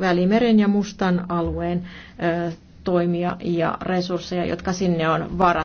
Välimeren ja Mustan alueen toimia ja resursseja, jotka sinne on varattu.